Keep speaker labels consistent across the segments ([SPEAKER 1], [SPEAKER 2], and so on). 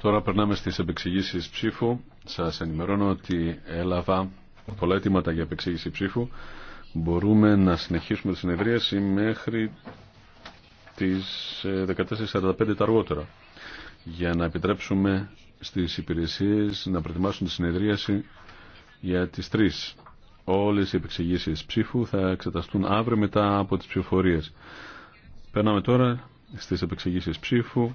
[SPEAKER 1] Τώρα περνάμε στις επεξηγήσεις ψήφου. Σας ενημερώνω ότι έλαβα πολλά αιτήματα για επεξήγηση ψήφου. Μπορούμε να συνεχίσουμε τη συνεδρίαση μέχρι τις 14.45 ε, τα αργότερα για να επιτρέψουμε στις υπηρεσίες να προετοιμάσουν τη συνεδρίαση για τις 3. Όλες οι επεξηγήσεις ψήφου θα εξεταστούν αύριο μετά από τις ψηφοφορίες. Περνάμε τώρα στις επεξηγήσεις ψήφου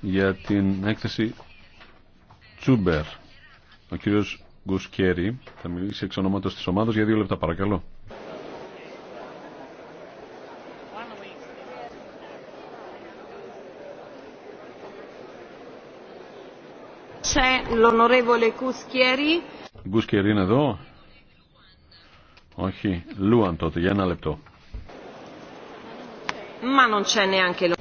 [SPEAKER 1] για την έκθεση Τσούμπερ. Ο κύριος Γκουσκέρι θα μιλήσει εξ ονόματος της ομάδος. για δύο λεπτά παρακαλώ. Γκουσκέρι είναι εδώ. Όχι. Λούαν τότε για ένα λεπτό
[SPEAKER 2] ma non c'è neanche